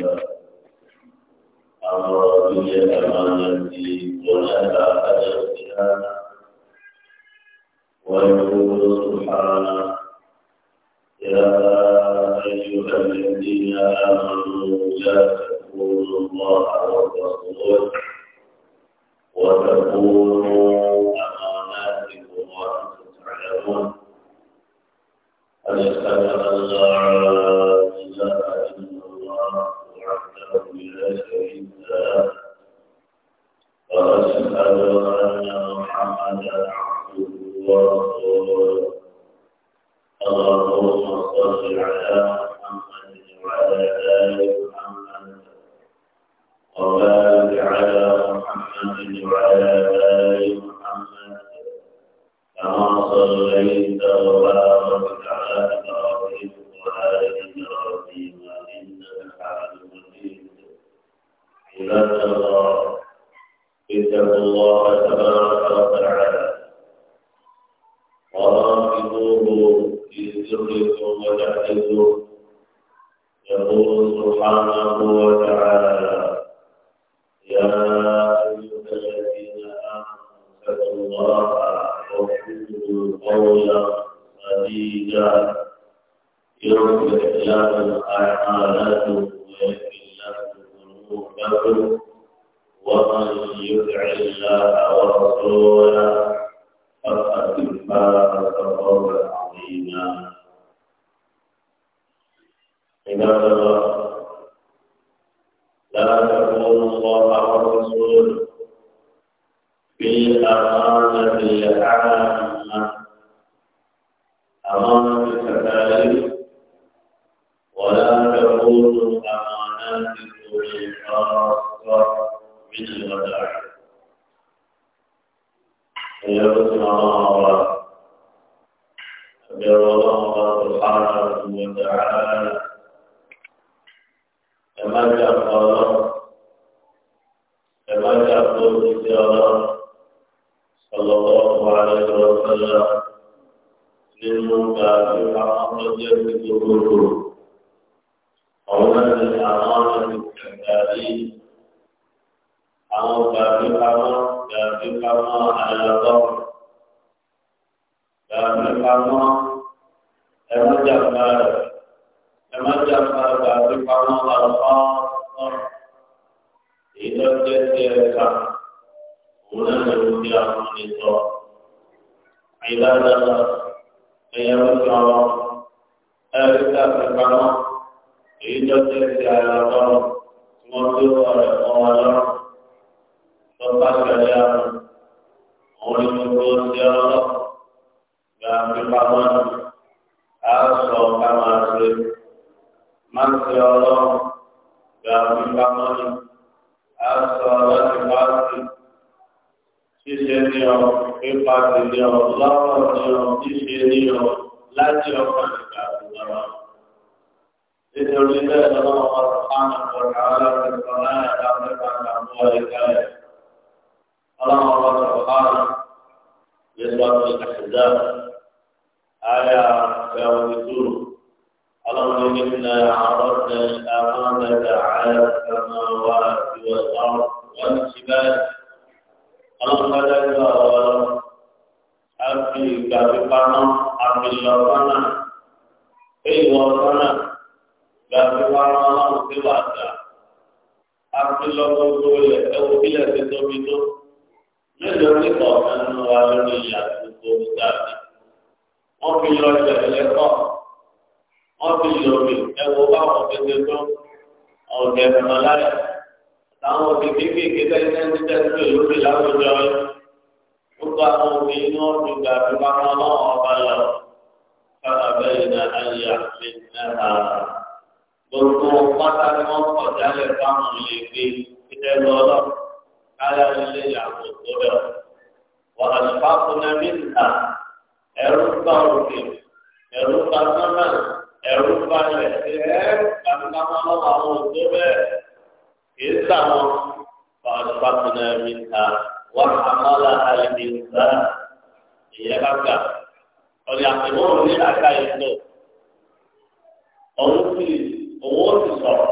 الله أمر بي يا أيها الذين آمنوا لا تكونوا الله والرسول وتكونوا أماناتكم وأنتم تعلمون أشهد أن والطهور اللهم صل على محمد وعلى آل محمد وبارك على محمد وعلى آل محمد كما صليت وباركت على إبراهيم وآل إبراهيم إنك حميد مجيد عباد الله اتقوا الله تبارك وتعالى يقول في سركم وتحتكم يقول سبحانه وتعالى يا أيها الذين آمنوا اتقوا الله وقولوا قولا سديدا يغفر لكم أعمالكم ويغفر لكم ذنوبكم ومن يطع الله ورسوله فقد فاز نارا لا تكون الله والرسول بالأمانة العامة أمانة التكاليف ولا تكون أماناتكم الخاصة من الوداع ويرسم الله أبي الله سبحانه وتعالى bá dé àbá pamọ́ a sọ ká máa ṣe máa ń ṣe ọlọ́run gbà fi pamọ́ ni a sọ láti wá sí ṣíṣe ní ọ pípa sí ní ọ lọ́wọ́ ní ọ ṣíṣe ní ọ láti ọkàn nígbà tó lọ́wọ́. nítorí bẹ́ẹ̀ lọ́wọ́ wọn sọ́kànnà ọ̀gá aláàbẹ̀ sọ láyà lábẹ́ kàkà mú ọ̀rẹ́ kálẹ̀. ọlọ́wọ́ wọn sọ̀kànnà yẹ́sọ́ àti ìkàṣẹ́dá. آية 72 اللهم إنا عرضنا الأمانة على السماوات والأرض والجبال اللهم لا إله أبي كافقنا أبي لفنا أي وفنا كافقنا الله سواك أبي لفنا أو بلا تتوبته من يوم قومنا وعلى نيات الدنيا wọ́n fi lọ ìṣẹ̀lẹ̀ kọ́ wọ́n fi lò mí ẹ̀wọ̀ báwọn tètè tó ọ̀gẹ̀ ẹ̀rọ láyà táwọn òbí kéékèèké tẹ́lẹ̀ ní tẹ́lẹ̀ lórí láwùjọ yìí gbogbo àwọn òbí ní wọ́n fi gbà fi pamọ́ náà ọba lọ kára bẹ́ẹ̀ ní ayé àti náà gbogbo pátá ni wọ́n kọ̀ jálẹ̀ fáwọn lè gbé kíkẹ́ lọ́lọ́ káyà ilé yàgò tó lọ wọ́n àlùfáà fún ẹ̀rù ń bá òkè ẹ̀rù ń bá sánmà ẹ̀rù ń bá ilẹ̀ ẹ̀rù kàmíkàmá lọ́wọ́ àwọn òjò bẹ́ẹ̀ kìí sàwọn fàlùfàtúnà mi ta wà àmàlà àlèmí nta ìyẹn bá gà ọ̀rẹ́ àtẹ̀wọ́ ní àká ìlú ọ̀hún sì owó ti sọ̀rọ̀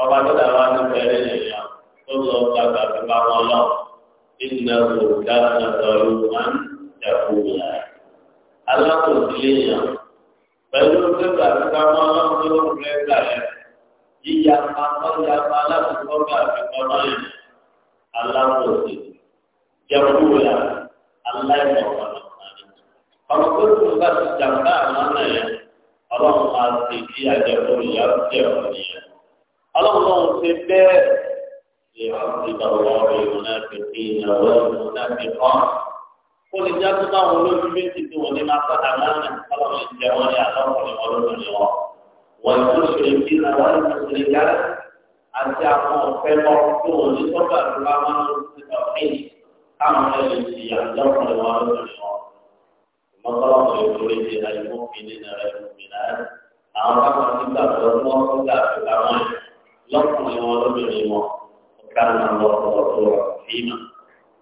ọba tó dàgbà ní bẹ̀rẹ̀ nìyà tó lọ gbàgbà tó bá wọn lọ ìnáwó dáadáa lọ́rùn máa alákòókìlé yàn pẹ̀lú pépà tí wọ́n máa ń lọ́wọ́ lórí pépà yẹn yíya pamọ́ ya pa alákòókò bá àfikọ́nà yẹn alákòókì jẹ́wọ́ wúlà aláìmọ̀kànlá ọmọ tó tó bá ti jàmbá àwọn náà yẹn máa ti kí àjẹkù ìyá jẹ́ ọ̀rọ̀ nìyẹn ọlọ́run náà ti bẹ́ẹ̀ lè ọ̀sìn ìdánwò ọ̀rọ̀ ìmúnáfi kí ìnáwó ìmúnáfi kọ́ kó lè já tó báwọn olójú méjì tó wọlé máa padà lánàá ọlọ́run ìjẹ wọn ní àtọkùnrin wọn lójú ni wọn. wọ́n tó ṣe ìdí náà wọ́n ti ṣe ìyá àti àwọn ọ̀fẹ́ lọ tó wọ́n ní sọ́gbà tó bá máa ń ti tọ̀ mí káwọn ẹ̀rọ ti àtọkùnrin wọn lójú wọn. ìmọ̀tọ́lọ́pọ̀ ìgbòho wọn kó gbà tó àwọn lọ́kùnrin wọn náà lọ́kọ̀ọ́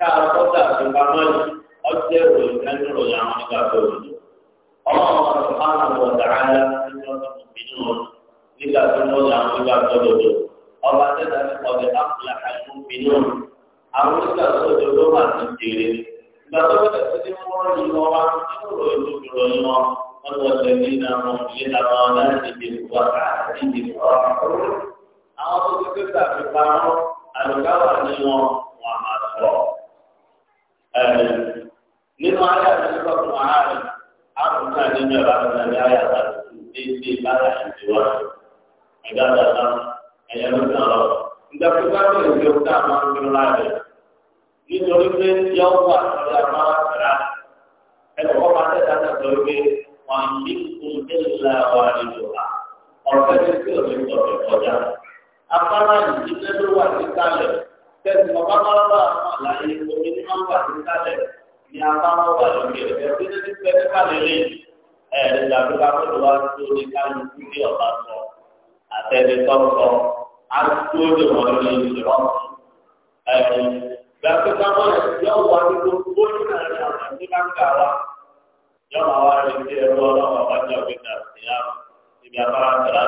káàrọ̀ tọ́ta tó bá mọ́lì ọjọ́ ìròyìn lẹ́nu ìròyìn àwọn nígbà tó rò ní. ọlọ́run ọ̀sán máa ń wọ̀ dáadáa nínú ọdún ìbínú wọn nígbà tó mọ́lì àwọn nígbà tó dodo. ọba tẹ́tà ti kọ̀ bẹ́ áfúlà àìkú bínú àwọn nígbà tó dodo wà ní jèrè. ìgbà tó bẹ̀rẹ̀ sí ní wọ́n rí wá nínú ìròyìn tó wọn wọ́n nínú ayé àtúntò fún ààrẹ nínú ẹ̀rọ àtúntà ní ayé àtúntò déédéé lára ìdíwọ́ ẹ̀dá dàda ẹ̀yẹ ló ń lọ. ìdàpọ̀ káfíń òkè òkè àwọn akérò láàbẹ̀ nítorí pé yọ wà lórí amára kẹrà ẹ̀rọ wọn máa ọ̀fẹ́ ní kí sọ̀rọ̀ kọjá. wà ní kálẹ̀. tẹsí ọba kọlọba àwọn àlàyé omi ní máa ń wà sí kálẹ̀ ní abáwọ wà lókè rẹ bí ní ti fẹ́ kálẹ̀ lé ẹ̀ẹ́dẹ̀ ìdàgbéga fún wa tó ní kálẹ̀ kú ní ọba sọ àtẹ̀lé tọ́tọ́ àtúntò lè wọ́n lórí ìrọ̀ ẹ̀ẹ́dẹ̀ ìdàgbéga wọn yọ wà nínú bóyú náà ní àwọn ẹ̀mí máa ń gà wá yọ máa wá rí sí ẹ̀rọ ọlọ́wọ́ àbájọ gbẹ̀dà sí àwọn ibi afárá tẹ̀lá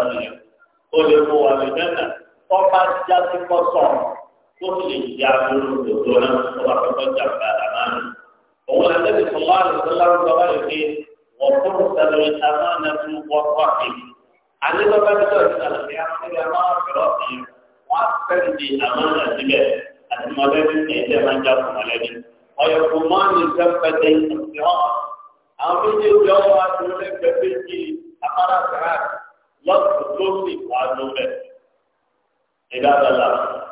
تخرج جابر الدولة وتخرج الأمانة هو النبي صلى الله عليه وسلم قال فيه وترسل الأمانة والرحم عندما بابا بتوع الأمانة الأمانة الرحم وأكثر الأمانة به المدرسة إذا ما جاء ملابس ويقومان كفتي الصراط أمين الجواب أقول لك بفتي أمانة صراط لفظ توصي وعدوله عباد الله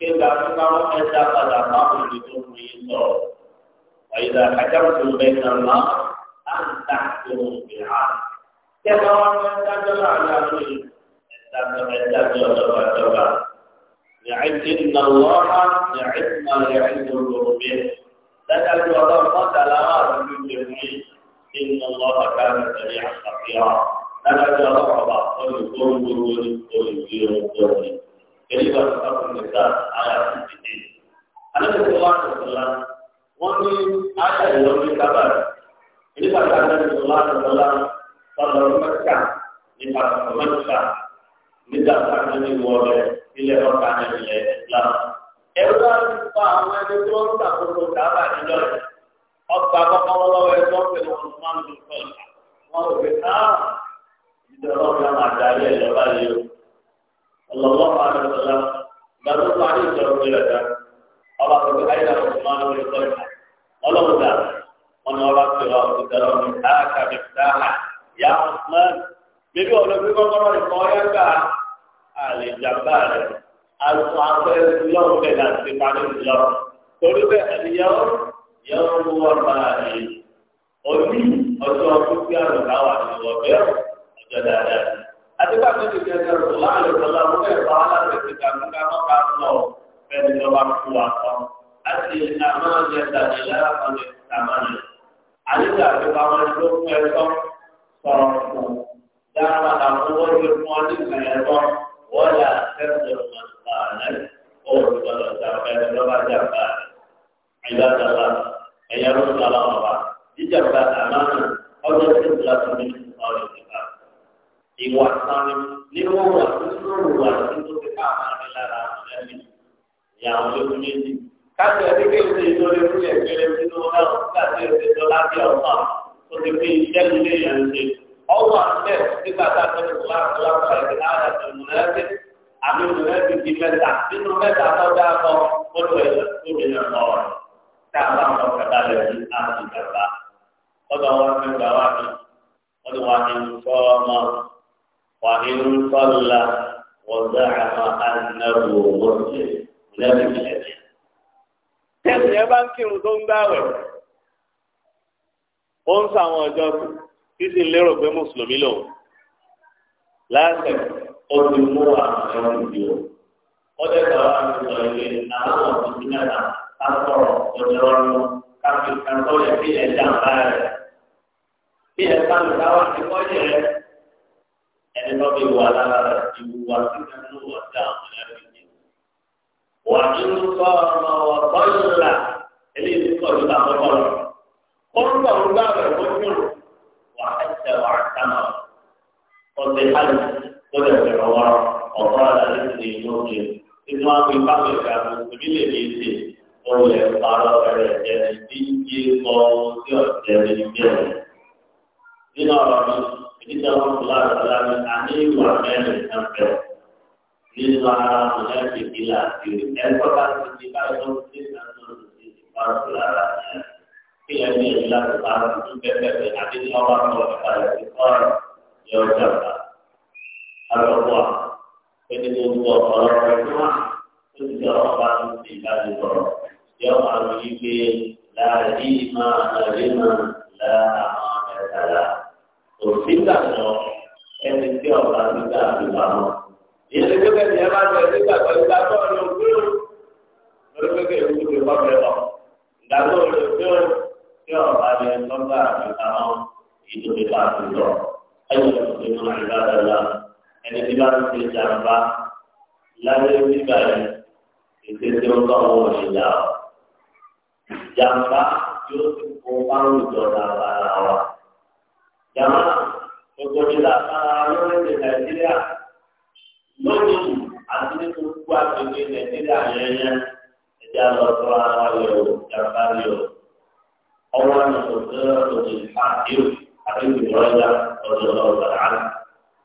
kéka nípa wọn fẹ́ dá padà má kò lè tó fún yín sọ ọ̀yẹ̀dà àjàkùn bẹ́ẹ̀ nà má á ń ta tó ń bì á. Kẹ́kọ̀ọ́ wọn fẹ́ dájọ́ láàrin àwọn èèyàn ẹ̀dá tọ́lá dájọ́ ọ̀dọ́gba dọ́gba. Yàtí nà lọ́ha yàtí nà yàtí nà lọ́bí. Dájọ́ ọ̀dọ́ mọ́tàlá wà lórí ìgbèmí iná lọ́ha káàdì tẹ̀lé àṣàfihàn. Dájọ́ ọ̀dọ́ ọ̀bà olùkó nìkan ara ti dìde. alẹ́kùnrin wa ti sọ̀la wọ́n ní ayé ìlọ́gbé kábàárì nípa tí alẹ́kùnrin sọ̀la ti sọ̀la sọ̀la mẹ́ta nípa sọ̀la mẹ́ta nígbà tí a ti wọ rẹ̀ ilẹ̀ ọ̀ka nílẹ̀ Islam. ẹ̀rọ láti fa àwọn ẹni tó ń ṣàkóso kábà níjọ́ rẹ̀ ọgbà kọ́kọ́rọ́ lọ́wọ́ ẹ̀ tó ń pè wọn máa ń lò sọ̀la wọn ò fi ká ìjọba ọ̀gá máa darí ẹ̀ lọ́ba yìí o. ọlọ́lọ́ مرض عليه الجواب لك الله تقول أين عثمان بن طلحة ولو ذا من وراء صراط ترى من هاك مفتاحا يا عثمان بيقول لك بيقول لك بيقول لك على الجبار الصحابة اليوم كذا في بعض اليوم قلت اليوم يوم ورمائي قلت أشوفك يا رب عواني وبيع وجدالات àdébà tó ti jẹ́ ẹ̀rọ láàrin ìrọ̀lá wọn bẹ̀rẹ̀ bá wọn láti ṣe kàmúkà wọn bá lọ fẹ́ẹ́ lọ bá kú wa kan láti àmọ́ jẹ́ tàbí lára kan lè tàmá lẹ̀. àdébà tó bá wọn ló fún ẹ tán sọ̀rọ̀ fún dára padà fún wọn ló fún ọ ní ìgbà yẹn tán wọ́n yà sẹ́ńtẹ̀ ọ̀nà àlẹ́ òòlùbọ̀lọ̀ tàbí lọ́ba jàmbá ìgbàdàlá ẹ̀yà ìwà sáré nínú wà nínú wà nínú ti ká àmàlẹ́ lára àmàlẹ́ ìyá àwọn ológun méjì. káṣí ẹbí kéwìsì ìtọ́lé fúlẹ̀ gbélé sínú náà nígbà tí ó ti dọ́lá bí ọ̀pá tó ti fi iṣẹ́ nílé yẹn ṣe. ọwọ́ àtẹ nígbà tá a tẹ́lẹ̀ tó bá tó lápá ẹ̀kẹ́ láàrẹ̀ tó múlẹ́ẹ̀kẹ́ àmì múlẹ́ẹ̀kẹ́ di mẹ́ta nínú mẹ́ta tó dáa kọ́ fọ́tò ẹ̀ tó mi nà lọ rẹ̀ tá a bá wọn kàdá lẹ̀ ní àti ìjàmbá. ọ̀dọ̀ wa ti gbà wá ní ọ̀dọ̀ wa ni sọ́ọ́ máa وإن صلى وزعم أنه مسلم لم يشهد tẹ́sí ẹ bá ń kírun tó ń gbààwẹ̀ ó ń sọ àwọn ọjọ́ títí lérò pé mùsùlùmí lòun láti ó ti mú àwọn ẹ̀rọ ìdí o wọ́n tẹ̀ sọ àwọn àti sọ ìwé àwọn ọ̀sán tí mẹ́ta ká sọ̀rọ̀ ọjọ́ ọdún ká fi ká sọ̀rọ̀ bí ẹja ń bí ẹ̀ka ń ká wá sí kọ́jẹ́ rẹ̀ ẹni tó bí wà lára rẹ̀ ìwù wà sí nínú ọ̀dà àwọn ẹ̀rọ wà nínú kọ́ ọmọ ọ̀pọ̀ ìlà eléyìí tó kọ̀ nípa àkọ́kọ́ rẹ̀ orúkọ orúkọ rẹ̀ kó nyúrù wà ẹsẹ̀ wà sánà ọ̀sẹ̀ hàlù tó lè bẹ̀rẹ̀ wọ́n ọ̀pọ̀ àlàyé ti lè òkè nínú àwọn ìfá pẹ̀lú àwọn òbí lè lè ṣe òun lè parọ́ ẹ̀rẹ̀ bí nígbà wọn kò lára ọ̀la ní àní ìwà mẹ́rin náà fẹ́ nínú ara wọn láti fi láti rí ẹgbẹ́ bá ti di báyìí wọn ti ní àná òṣìṣẹ́ ìfipá ọ̀sùn lára yẹn kí ẹ ní èyí láti bá a ti tún bẹ́ẹ̀ bẹ́ẹ̀ àbí ní ọwọ́ àwọn ọ̀gá rẹ̀ ti kọ́ ọ̀rọ̀ yẹ ọjà bá alọ́wọ́ ẹni gbogbo ọ̀pọ̀lọpọ̀ ìfúnwà tó ti jọ ọba tó ti ìbáraẹni sọ̀rọ̀ yọ àwọn yìí pé láàrin máa àrẹ́ máa nígbà náà ẹni tí ọba nígbà àdúgbò àwọn. ìyẹn tó bẹ́ẹ̀ ni ẹ bá tẹ nígbà tó nígbà tó ọ̀nà òkú lórí pẹ́kẹ́ ìlú ti wọ́n fẹ́ lọ. ìgbà tó ọ̀nà òkú tí ọba ní lọ́gbà àdúgbò àwọn ìlú ti bá ti lọ. ẹni tó ti mú àdúgbò àdúgbò ẹni tí bá ti jàǹbá láyé nígbà yẹn ìdíje ń bá wọn ìyá ọ. jàǹbá yóò ti kó márùn-ún ìjọba gbogbo ìlà sára lórílẹ̀ nàìjíríà lónìí àti ní gbogbo àgbègbè nàìjíríà yẹnyẹ ẹjẹ àlọ́tọ́ ara rẹ̀ o jàmbá rẹ̀ o ọwọ́ ní òṣèlú ọ̀dọ̀ ìfàkìó àti ìrọ̀lá ọ̀dọ̀ ọ̀dọ̀ àná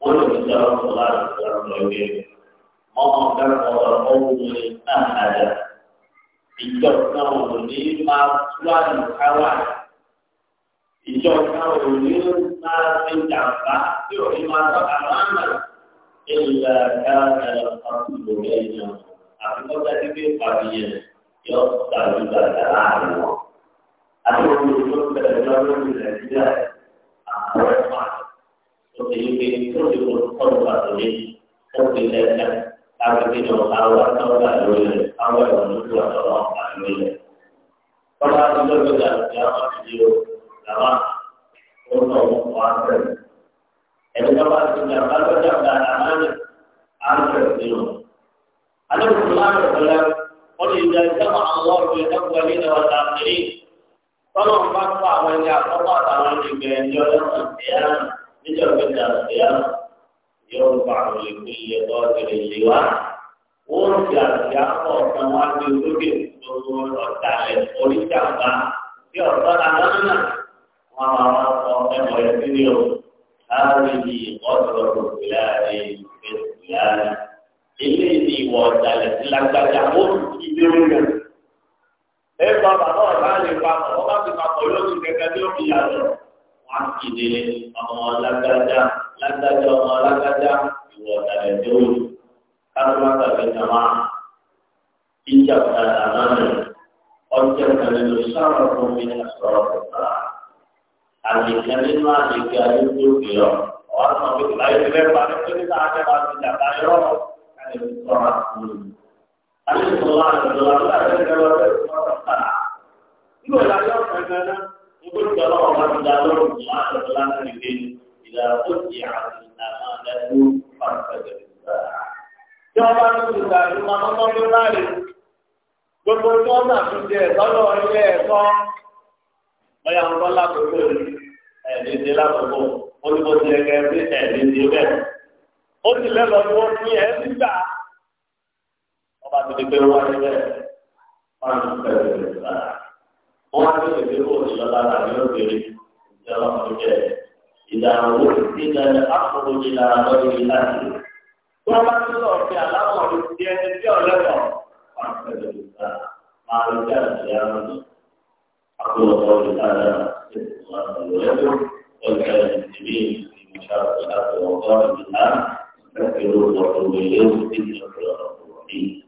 wọ́n lè jẹ́ ọ̀dọ̀ láti ọ̀dọ̀ ìwé mọ́mọ́ fẹ́ràn ọ̀dọ̀ ọ̀hún ní náà nàjà ìjọ náà ò ní máa ìjọba òní máa fi jàǹbá tí òní máa tọ́ka máa nà ìlà káàkiri ọ̀sán ìlú ẹ̀yàn àfikọ́jà tí bí ìpàdéyẹ yọ tàbí láàrin wọn. àti wọn ní bẹ̀rẹ̀ lọ́dún ní nàìjíríà àwọn ẹ̀fà tó ti yí pé tó ti kó tọ́lù pàtó yé tó ti lẹ́sẹ̀ láti fi jọ àwọn àtọ́gbà lórí rẹ̀ àwọn ẹ̀wọ̀n lójú àtọ́gbà lórí rẹ̀. tọ́lá ti lọ́dún ní àwọn àti àwọn ọ̀nà ọ̀pọ̀ àṣẹ. Ẹni tó bá ti gbà bá lọ́jà gba àmàlẹ̀ àṣẹ nínú. Àdébùkù máa ń rẹ̀ wọ́n lè jẹ́ ìjọba àwọn ọ̀gbìn ẹ̀kọ́ nínú ọ̀tà àkèrè. Tọ́lọ̀ ń bá fún àwọn ẹni àkọ́kọ́ àtàwọn ẹni gbẹ̀rẹ̀ ní ọlọ́sàn ìyá níjọba ìjà ìyá yóò bá àwọn ìpín iye tó kéré lé wa. Wọ́n ti àṣìyá pọ̀ kan wá ní olóògbé gbogbo ọ̀tà ẹ̀ oríṣàgbá tí lọ́nà wọn máa máa sọ ẹ̀wọ̀ ìdílé o láàrínì ọ̀dọ̀ ìlàrí ìlàrí ilé ní ìwọ ọ̀dàlẹ̀ sí lágbájá ó sì kí lórí rẹ̀. ẹ bá bàbá ọ̀dà lè papọ̀ ọba ti papọ̀ lóṣù kẹkẹ tí ó fi yàtọ̀ wọn á kì í délé ọmọ lágbájá lágbájá ọmọ lágbájá ìwọ ọ̀dàlẹ̀ tó o káfíńtà tàbí jama ìjà ọ̀dàlẹ̀ àná rẹ̀ ọjọ́ ìkànnì ló sábà fún ní àṣọ ọ̀dọ̀ náà àlèkè nínú àlèkè ayélujára yọ ọ̀rọ̀ náà wípé láyé ilé parí pé níta ajẹ́ wa ti dàgbà yọ káyọ̀ ti sọ̀rọ̀ àkùnrin. àlèkò wa àlèkò wa nígbà tí ẹgbẹ́ wọn bẹ̀rẹ̀ sọ̀rọ̀ kàrà. nígbà tí ayé ọ̀sẹ̀ gbẹ̀rẹ̀ nígbà tí ọlọ́ ọ̀gá ti dá lọ́rùn ní àlèkò láti rí bẹ́ẹ̀ ìlà tó ti àti ìlànà lẹ́nu pàṣẹ tí wọ́n bá ní ìgbà ìgbà mọ́mọ́ ní láàyè gbogbo tí wọ́n náà fi jẹ ẹ̀tọ́ lọ́wọ́ ilé ẹ̀kọ́ bóyá wọn bá lákòókò ẹ̀ẹ́dẹ́gbẹ́ lákòókò olùkọ́ ti ẹ̀kẹ́ ẹ̀ẹ́dẹ́gbẹ́ bẹ́ẹ̀. ó ti lẹ́nu ọdún wọn ní ẹ̀ nígbà ọba ti di pé wọ́n ti bẹ́ẹ̀ wọ́n ti bẹ̀rẹ̀ bẹ̀rẹ̀ wọ́n á ti tètè kó ìjọba láti lóògbé ìjọba ọ̀jẹ̀ ìdáwó ìdílé àkókò ìlà lọ́yẹ̀ ìlànà. tí wọ́n bá ti lọ sí aláwọ̀ ìdí ẹni tí ọ̀lẹ́kọ̀ọ́ أقول قولي هذا استغفر الله لكم وللمسلمين في مشاركة الأرض وقال منها استغفروه وقولوا إليه إنه الغفور الرحيم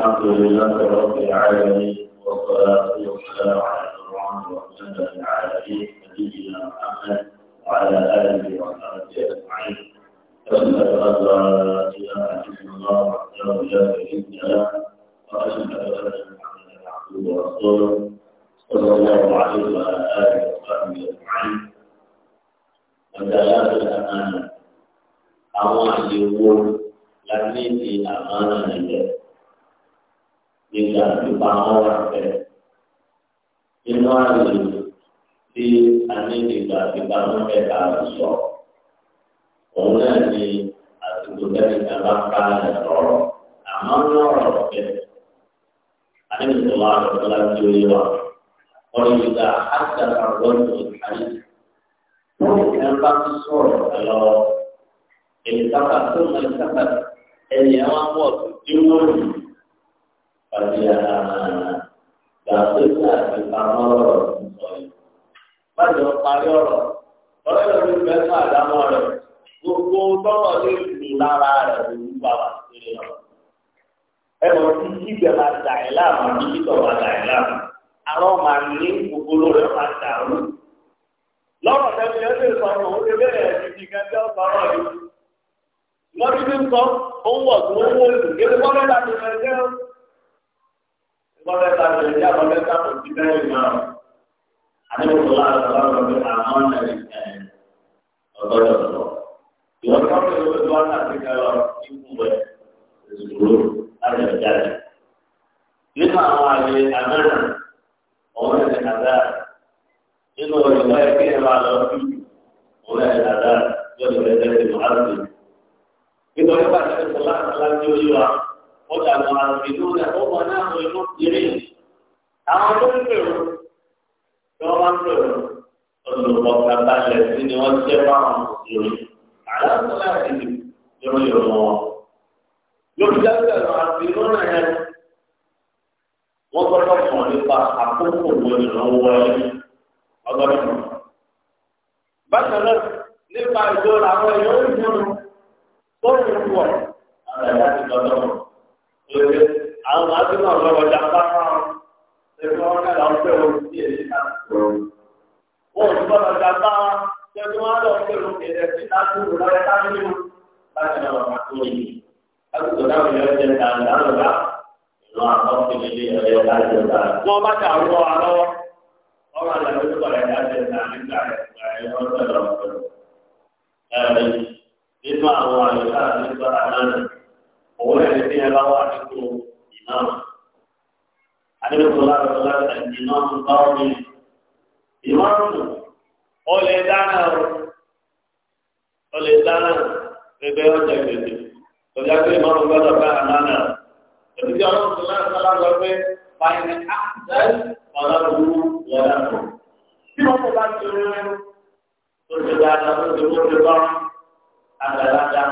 الحمد لله رب العالمين والصلاة والسلام على اله وصحبه العالمين ọlọ́dọ̀ ló ń fún àdámọ́ rẹ̀ gbogbo tọ́wọ́ lè fi lára rẹ̀ lórí bàbá sílẹ̀ lọ. ẹ mọ̀ sí kíkẹ́ máa dà ẹ́ láàmú ní kíkọ́ máa dà ẹ́ láàmú àwọn máa ní gbogbo rẹ̀ máa dàrú. lọ́rọ̀ tẹ́lẹ̀ yẹn lè sọ ọmọ òun lè bẹ̀rẹ̀ ìdí gẹ́gẹ́ ọ̀sán náà ni. wọ́n ti ń sọ ohun ọ̀sùn owó ìdílé àdébòsọlá àtàlà ọ̀rọ̀ pé àwọn ọ̀nà ọ̀gọ́dọ̀ lọ. ìwọ́n tó ń bẹ̀rẹ̀ wípé wọ́n náà ti kẹ́ lọ ikú rẹ̀ ìṣòro láti ọjà rẹ̀. nínú àwọn àyè àmẹ́rẹ̀ òun ẹ̀ kàdá nínú ìwọ́ ẹ̀kẹ́ ẹ̀ máa lọ sí òun ẹ̀ kàdá yóò lọ ẹ̀dẹ́ ti mọ̀ áàbì. nítorí pàṣẹ ìṣòlá àtàlà tí ó yíwa ó dàgbà àrùn ìlú rẹ̀ ó mọ̀ náà tí wọ́n máa ń lò ni wọ́n jẹ́ fáwọn òṣèré àlàkùnrin àti ìdí yóò lè mọ wọn. máa lọ pé fàyẹ̀nì àṣẹ ọ̀la òwú wọ̀lá tó. Tí wọ́n kò bá ti rí rẹ̀ tó ti gba àgbà tó ti wọ́n ti bá àgbàlagbà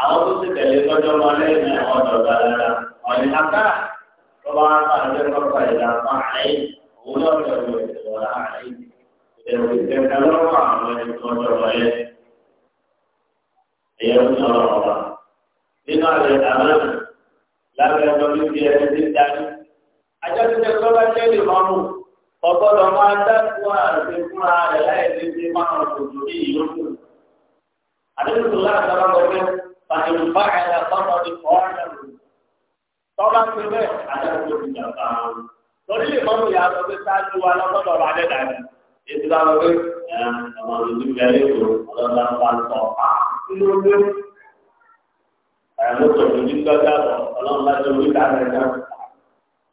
àwọn tó ti tẹ̀lé lọ́jọ́ wọn lẹ́yìn àwọn ọ̀dọ̀ àgbàlagbà ọ̀nì àgbà tó bá wà fà lọ́jọ́ kọ́kọ́ ìlà fún àyè òun náà fẹ́ wọ ìwọ̀lá àyè. Ìbẹ̀rù ìbẹ̀rù lọ́wọ́ àwọn ẹni tó ń lọ wọlé. Ìyẹn ń sọ̀rọ̀ ọ̀la. Nínú àlẹ́ àlẹ́ lábẹ́ ọjọ́ ló fi ẹni tí ń darí. Ajọ́síṣẹ́ tó bá jẹ́ lè máa mú ọgbọ́dọ̀ máa dákú àrùn fúnra rẹ̀ láì ní ti máa ń tòjú ní ìyókù. Àdéhùn láti ọ̀rọ̀ wọlé pàtẹ́lú báyà la tọ́kọ̀ ní ọ̀rẹ́ rẹ̀. Tọ́ba ti bẹ́ẹ̀ àdéhùn tó ti jàmbá wọn. Lórí lè mọ́mú ìyá sọ pé sáájú wa lọ́gbọ́dọ̀ rà dé dàbí. Èsì bá wọlé ọmọ ìlú bẹ̀rẹ̀ ètò ọlọ́dọ̀ ọlọ́run bá ti orí kàrẹ́ náà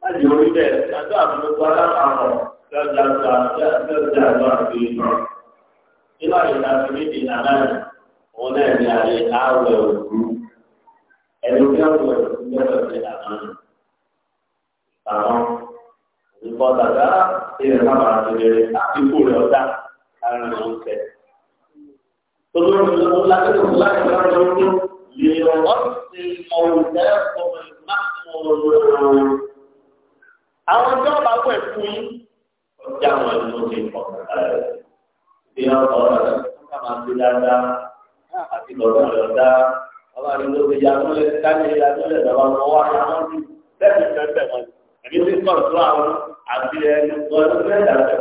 láti orí bẹ́ẹ̀ àti àbúrò aláàmọ̀ lọ́jàgbà lọ́jàgbà àti ìmọ̀ nínú àyíká ti ní ìdílé náà òun náà ní àyè àwẹ̀ òru ẹni tí wọ́n wẹ̀ òru lọ́wọ́ sí àná àwọn ìbọn dàgbà ilẹ̀ sábà ti rere àti ikú rẹ̀ ọ̀dà ara rẹ̀ ń tẹ̀. Tolórí ló ń lágbẹ́lẹ́ òun láti lọ́rọ̀ lọ́rọ̀ ليرث موتاكم المأمورون àwọn tí wọn bá wẹ fún yín ọjà wọn ni wọn ti pọ bí wọn kọ ọ ká máa fi dáadáa àti lọ́dọ̀ lọ́dọ̀ ọba ní ló fi yàtọ̀ lẹ dání yàtọ̀ lẹ lọ́wọ́ wọn wá ní àwọn tí lẹ́yìn tẹtẹ wọn ẹni tí kọ tó àwọn àti ẹni tó ẹni tó ẹ̀dá rẹ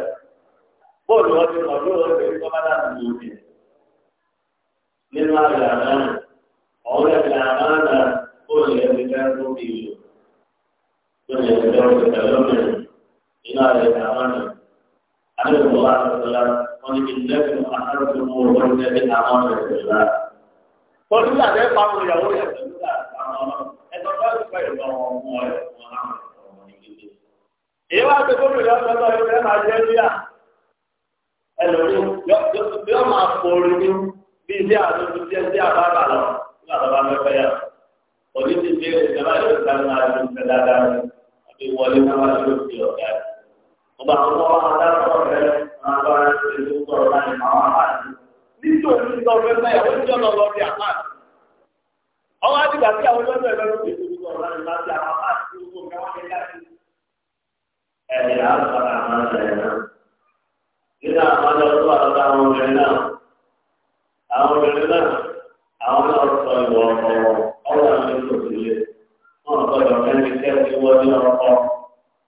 bóòlù wọn ti mọ lóòrè kí wọn bá dà nínú ìlú nínú àgbà náà ọ̀rẹ́ ti àmàlà ó lè fi fẹ́ tó bí ìlú ó lè fi fẹ́ tó pẹ̀lú mẹ́rin nínú àrẹ ti àmàlà. Adéwòlò àtọ̀tọ̀lá wọn ni kì í lẹ́sìn àtàrọ̀tò mú owó ní ẹbí àwọn ọ̀rẹ́ ti rà. Tọ́jú àti ẹ̀fọ́ àwọn ìyàwó yẹn pẹ̀lú àwọn ọmọ ẹ̀tọ́ bá ti pẹ̀ ìgbà wọn mú ọ̀rẹ́ wọn láwọn ọmọ ní kété. Èyí wá ti gómìnà ọ̀sọ̀tọ̀ ìfẹ́ máa jẹ́ bíyà. Ẹlòmí yọ máa pòrí ní bí iṣẹ́ àtúntò iṣẹ́ àbábà lọ. nígbà tó bá fẹ́ dị àwọn ọmọ àwọn náà sọ ìwọ ọkọ ọwọ́ àwọn ẹni tó ti lé wọn gbọ́dọ̀ mẹ́rin kẹ ti wọ ní ọkọ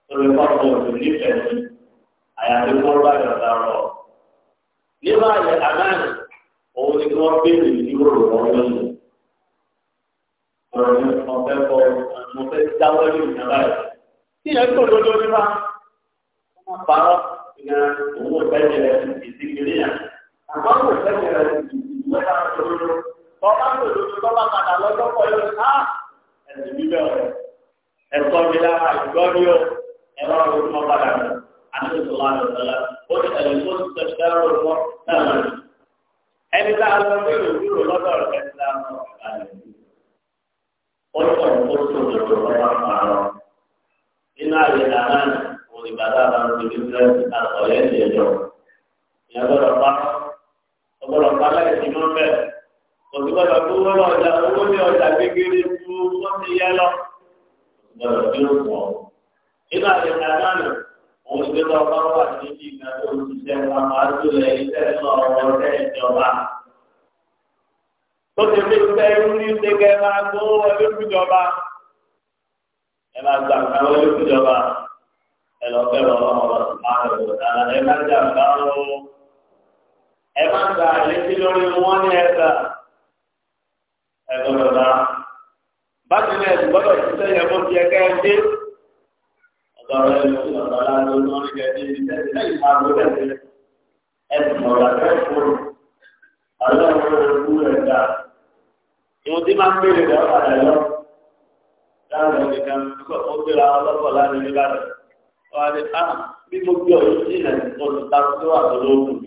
lórí kọfù òsì nífẹ̀ẹ́ sí àyàfi wọn bá yọta rọ. nígbà yẹ anáà òun ni kí wọn béèrè ìdíwòrò wọn lónìí. ọ̀rọ̀ mi mo fẹ́ kọ mo fẹ́ dáwọ́ ní ìjọba yìí. kí ẹ tó lójó bọ́lá ń lòdò tó bá padà lọ́jọ́ pọ̀ yóò ká ah! ẹ̀sìn bíbẹ̀ ọ̀rẹ́ ẹ̀sọ́ mi lára ìgbọ́ ni ó ẹ̀rọ ọ̀rọ̀ tó padà mi àti ìṣòro àlọ́sọ̀lá ó ti ẹ̀rọ tó ti tẹ̀síkẹ́ ọ̀rọ̀ mọ́ náà lọ́nà ẹni tá a lọ nílò dúró lọ́dọ̀ rẹ̀ ti dá mọ́ ọ̀rọ̀ ó tó lòdò lọ́wọ́ àárọ̀ nínú àyè dáná òrìbàdà àwọn ìgbésẹ̀ àtọ̀yẹ́ ìjẹ́jọ́ ìyàgbọ́dọ̀ pa ọgbọ́dọ̀ pa láì sí mọ́ bẹ́ẹ̀ òtúbọ̀dọ̀ tó wọ́n lọ ọjà owó ní ọjà kékeré fún wọ́n ti yẹ lọ gbọ́dọ̀ tí ó pọ̀ nínú àtẹ̀tà náà nù òun ti lọ bá wà níbi ìgbà tó ń ṣiṣẹ́ wọn máa tó lẹ iṣẹ́ lọ ọ̀rẹ́ ìjọba. tó ti fi ṣe ní ṣẹ́gẹ́ máa tó wọlé fújọba ẹ máa gbà ká wọlé fújọba ẹ lọ fẹ́ lọ lọ́wọ́ máa lọ sọ̀tà ẹ máa jà ká lọ́wọ́ ẹ máa gbà létí lórí wọn ní ẹgbàá ẹgbọ́dọ̀ náà bákan náà ẹgbọ́dọ̀ ìṣiṣẹ́ yẹn bó fi ẹkẹ ẹdí ọgọrọ ẹni tó lọ lọ lọ lọ ní ẹdí ìṣiṣẹ́ ìpàgọ ẹdí ẹdùn ọ̀la kẹ́kọ̀ọ́ ọlọ́run olú ẹ̀dá ìwọ tí máa ń gbé ìrẹ̀lẹ̀ ọ̀padà lọ láàrin nìkan ó gbéra ọlọ́pọ̀ láti ní bàtà wọ́n á ní á ah, bí mo gbé ọ̀yọ́ sí ìrìn àti ọ̀sùn tá a tó wà tó lóògùn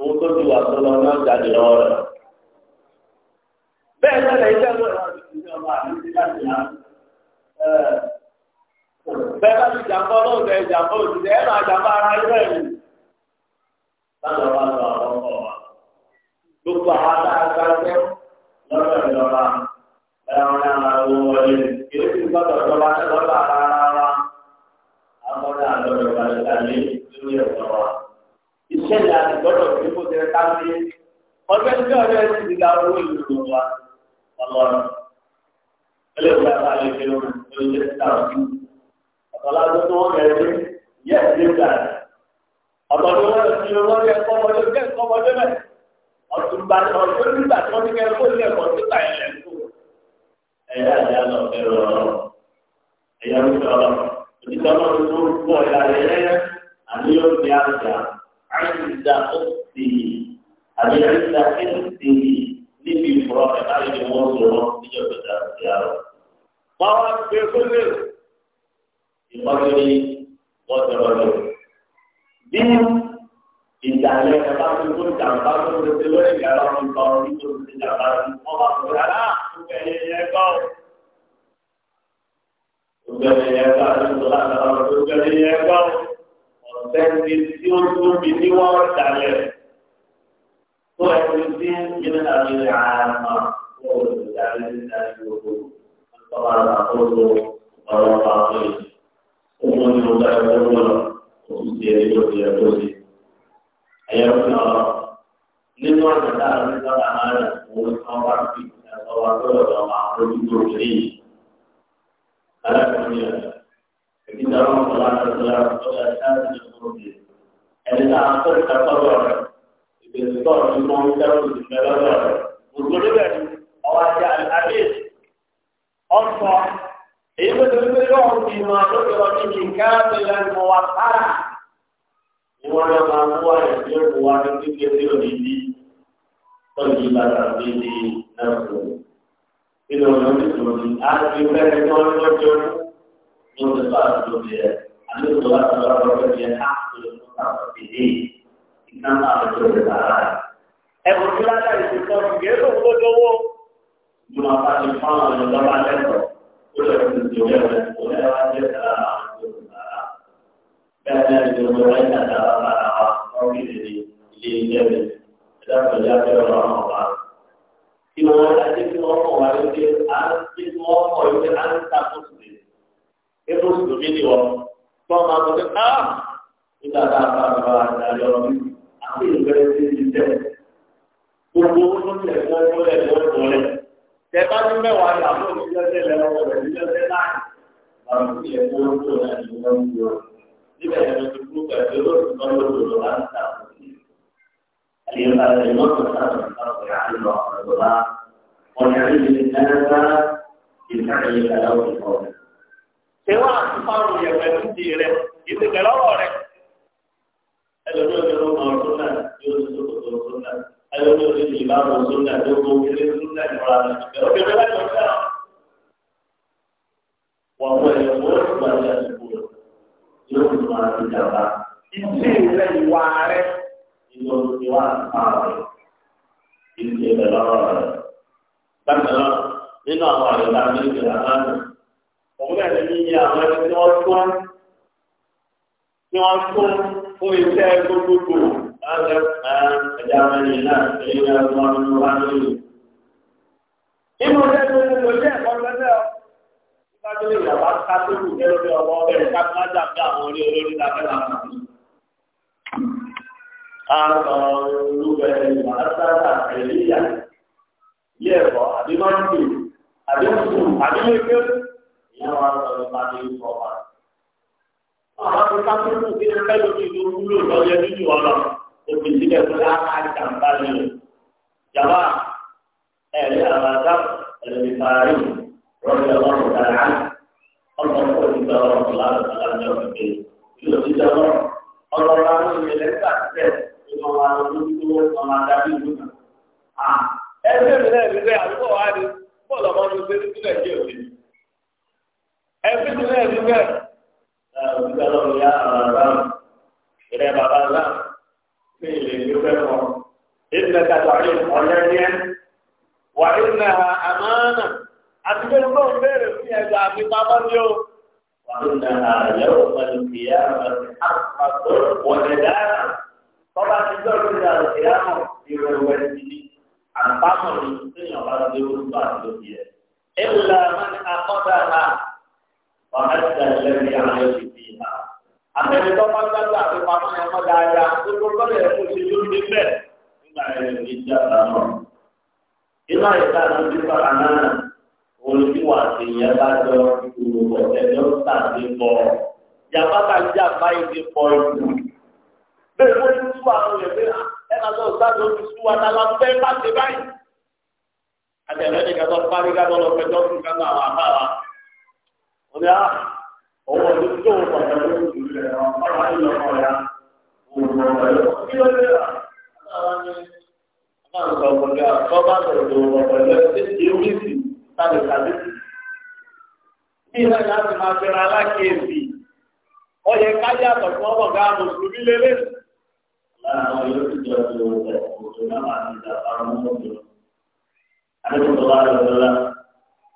òun tó ti wà tó lọ náà jáde lọ́wọ́ rẹ̀ bẹ́ẹ̀ náà lẹ́yìn lọ́wọ́ bẹ́ẹ̀ bá ti jàmbá ọlọ́run tẹ jàmbá òṣìṣẹ́ ẹ̀ máa jàmbá ara irú ẹ̀ nì. láti ọba lọ àwọn ọmọ wa gbogbo àwọn adáàgbà jẹ́ lọ́dọ̀ ìjọba ẹ̀rọ ní àwọn àwọn wọlé kìí ti gbọ́dọ̀ ìjọba ní lọ́dọ̀ ara wa àkọ́dọ̀ àlọ́ ìjọba ìdàlẹ́ lórí ẹ̀rọ wa. iṣẹ́ ìyá ti gbọ́dọ̀ fi kó ọlọ́run ẹlẹ́gbẹ̀ẹ́ àbálẹ̀ ìfẹ́ lórí ẹlẹ́gbẹ̀ẹ́ ti dáhùn sí. ọ̀tọ̀lá tó tó wọ́n rẹ̀ dé yẹ́ ẹ̀dẹ́ gbà. ọ̀tọ̀ tó wọ́n rẹ̀ sí lórí ẹ̀kọ́ ọmọdé kẹ́ ẹ̀kọ́ ọmọdé mẹ́. ọ̀túnba ọ̀tún nígbà tí wọ́n ti kẹ́ ẹ̀kọ́ ilé ẹ̀kọ́ síta ilẹ̀ ńkú. ẹ̀yà ìyá lọ ẹ̀rọ ọ̀rọ̀ ẹ̀yà ń sọ òtítọ́ náà ló tó kú ọ̀yà rẹ̀ lẹ́yẹ àbí yóò fi àjà àìsíta ó sì àbí àìsíta ó sì ìfọwọ́ kẹta lórí wọn sọ wọn níjọ gbẹdà sí àrọ. wọn wá gbé sókè ìfọdúnrí wọn sọ̀rọ̀ lọ. bí ìdàlẹ̀ ẹ̀fá tó tó jàǹbá tó tó ti lórí ìyàrá wọn gba orí tó ti jàǹbá sí wọn bá sọ yàrá tó kẹyẹ yẹn gbọ́. tó kẹyẹ yẹn gbọ́ àti tó láti àwọn tó kẹyẹ yẹn gbọ́. ọ̀sẹ̀ ti tí ó tóbi ní wọ́n dàlẹ̀. هو الدين من الأرض العامة هو الدين من الأرض طبعا أقول قرار عقيم ومن يوضع الأول خصوصية لجوزي لجوزي أيامنا نمر نتاع من الأعمال والصواب في الصواب والمعروف بالجوزي على كل لكن دعونا الله تعالى ولا تنسى الجوزي أن تعطي التطور ìrìntọ́ ní wọ́n ń tẹ́wọ́ ní ìfẹ́lọ́dọ̀ rẹ̀. Òṣèlú bẹ̀ ni ọwọ́ ajé àlàyé ọ̀sọ̀ èyí tó ti gbé lọ́wọ́ ti mọ̀ tó ti rọ̀ ní nìkan ti lẹ́nu mọ̀ wá sára. Ìwọ́n lọ máa mú wa rẹ̀ tí ó mú wa ní kékeré òní bí tọ́jú bàtà bí ní ẹ̀kọ́. Nínú ọ̀nà ìṣòro ni a ti fẹ́rẹ̀ tí wọ́n lọ́jọ́ ní oṣù tó àti lóde rẹ̀. Àlejò láti lọ́wọ́ lọ́wọ́ iná máa lọ sí Ẹ̀bùn tí lájà ìṣèkọ́ ìgbé ló ń Ó lọ ìjọba rẹ̀ ń dàgbà bàbá wa lọ́kìlì ilé ilé rẹ̀. Ẹ̀dá pẹ̀lú "Ah! Nígbà tá a bá bàbá àti Gbogbo owó tó tẹ̀ fún owó rẹ̀ rẹ̀. Tẹ ní mẹ́wàá rẹ̀ àbúrò mi lọ́sẹ̀ lẹ́wọ́ rẹ̀ ní lọ́sẹ̀ náà. Àwọn tí ẹ̀ fún rẹ̀ ni wọ́n ń Níbẹ̀ yẹn ti kú pẹ̀lú olóòtú kan lóòtú lọ láti sàkóso. Àyẹ̀wò àti ìmọ̀tò sàkóso ìtàkùn ìhà ayọ̀ ní orí ìlú àwọn òṣèlú àti ogun òkèlè nígbà ìmọ̀ra rẹ̀ ẹ̀rọ kẹfẹ́ láti ọ̀sẹ̀ náà. wọ́n mú ẹ̀yọ̀ mú ẹ̀rọ ìgbà ní àdúgbò rẹ̀ yóò fi máa fi jàmbá. ìṣe ìrẹ́ ìwà rẹ̀ ìlú ìwà àpárẹ̀ ìlú ìbẹ̀ lọ́rọ̀ rẹ̀. bákan náà nínú àwọn àyọ̀dá ní ìgbà náà òun ẹ̀rí ní iye àwọn ẹni tí wọ́n tún fún iṣẹ́ gbogbogbò هذا فجعلني لا إلا الله عليه nínú ọjọ́ tó ń lò jẹ́ ẹ̀kọ́ lọ́dẹ̀ ọ́ nígbàdí lè yà wá ká tó kù kẹ́rọ bí ọmọ ọbẹ̀ ká má dàbí àwọn orí olórí lábẹ́ làwọn àbí. Àtọ̀ olúwẹ̀ ìmọ̀lásárà ẹ̀líyà ilé ẹ̀kọ́ àbí máa ń gbè ní pàdé Àwọn akẹ́kọ̀ọ́ tó kù kí ẹ fẹ́ òbí síbẹ̀ fún láàmà ìjàmbá ni jàmbá ẹ̀rí àbàdà ẹ̀rí fàárì rọ́bì ọlọ́run dára ọlọ́run kò ní gbọ́dọ̀ ọ̀rọ̀ láti láti ọ̀rọ̀ pé ìlú ti jẹ́ ọlọ́run ọlọ́run láti ilẹ̀ lẹ́gbà tẹ̀ ìmọ̀ wa lójú tó ọmọ adájú ìlú náà. ẹgbẹ́ mi náà ti rẹ̀ àdúgbò wa ni bọ́ọ̀lù ọmọ mi gbé sílẹ̀ jẹ́ òbí. ẹgbẹ́ mi náà ti rẹ̀ ìgbàlọ́ ìyá àbàdà ìrẹ̀ bàbá náà. يكفر إنك ضعيف عيانيا وإنها أمانة أتبقى الله بير فيها جعبي طبعا يوم وإنها يوم القيامة حقة وندانة طبعا تقدر من القيامة في الوزن عن طعم المسلمين وقد يوم إلا من أخذها وحتى الذي عايش فيها àtẹ̀lé tó bá dájú àtúpa fún ẹ mọ́ dáadáa tó tó lọ́lẹ̀ ẹ̀kọ́ ṣe ló ní bẹ́ẹ̀ nígbà rẹ̀ ní ìjà àtàwọn. iná ìta ló ti fa ànáà olùdíwà àti ìyẹn bá jọ ìgbòho ọ̀tẹ̀ tó ń tà sí bọ̀. jàmbáta jà báyìí ti pọ̀ jù. bẹ́ẹ̀ ló ti tú àwọn olè pé ah, ẹ máa lọ sáàdó ti tú wa tá a bá ti báyìí. àtẹ̀lé owó tó tó padà ló ń jù rẹ̀ ọ̀pára ìlọ kan ya òògùn ọ̀rọ̀ ló lọ tí sí sí. bí máa fẹ́ra ọmọ ọ̀gá lélẹ̀. láàárọ̀ yóò ti jọ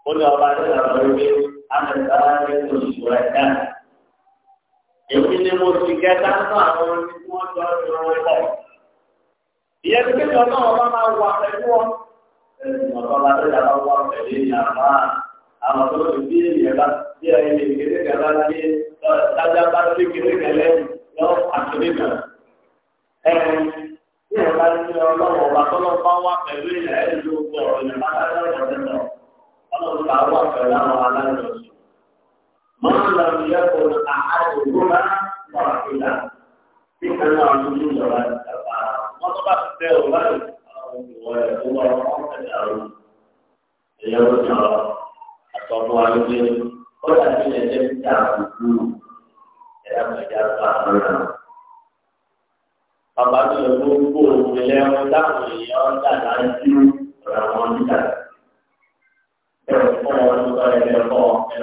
òṣèlú àwọn amẹ̀tàlẹ́kọ̀ ṣùgbọ́n èmi ni mo ti kẹta fún àwọn ẹni tí wọ́n jọ ń lọ ìyẹn ti kéde ọ̀nà ọ̀nà máa wà pẹ̀lú ọ. ẹ̀sìn ọ̀tọ̀ la ló yàrá wà pẹ̀lú ìyàrá àwọn tó ti bí ìyẹ̀bá bí ẹ̀yìn kéde kẹlá bí tájà bá ti kéde kẹlẹ́ lọ àtúndì kan. ẹ̀ẹ́n bí ẹ̀ka ti ọlọ́wọ́ bá tọ́lọ́ bá wà pẹ̀lú ìyàrá ìlú ọ̀rọ̀ ìyàrá أصل دعوة كلام على الرسول ما لم يكن أحدهما راحلا في كلام الرسول صلى الله عليه وسلم مصبح الدولة وهو محمد أو يوم ترى أصبح عليه ولا من يجب تعبدون إلى ما جاء أمرنا Bàbá tó lè gbogbo òun lẹ́wọ̀n dáhùn èèyàn dàgbà ju ọ̀rọ̀ àwọn nígbà tó ẹ̀fọ́ ẹ̀fọ́ ẹ̀fọ́ ẹ̀fọ́ ẹ̀fọ́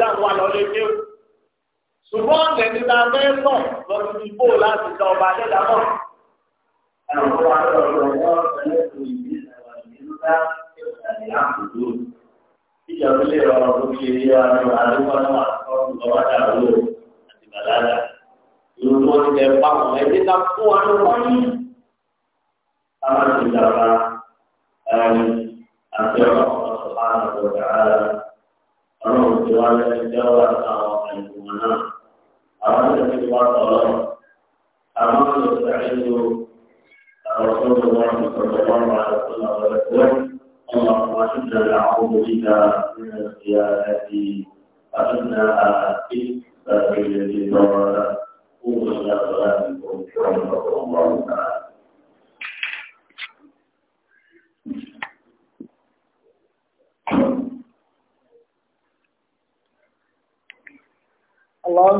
ẹ̀fọ́ ẹ̀fọ́ ṣùgbọ́n ọ̀lẹ́ ní ta fẹ́ sọ lọ́dún ní bó láti sọ ọba dẹ́dá náà. Àwọn ọmọ àlọ́ wọn ṣẹlẹ̀ tó ìdí ìsàlẹ̀ nígbà ìsàlẹ̀ àkùdó. Ìjọba ilé ọ̀rọ̀ tó fi rí wa ní àdúgbò náà àtọ́kùn lọ́wọ́ dàrú àti bàlágà. Ìlú tó ń tẹ pàmò ẹgbẹ́ ta fún wa ló wọ́n ní. Táwọn ti dàgbà ẹni àti ọ̀rọ̀ ọ̀sán àti ọ̀gá ọ̀rọ̀ òjò wa lẹ́yìn jẹ́wọ́ àtàwọn ẹ̀gbọ́n náà. أراد اتقاء الله أراد يستعيد رسول الله صلى الله عليه وسلم ويقول اللهم إنا نعوذ بك من القيادة فإنا في سبيل الضلال قوموا إلى صلاتكم رحمكم الله تعالى اللهم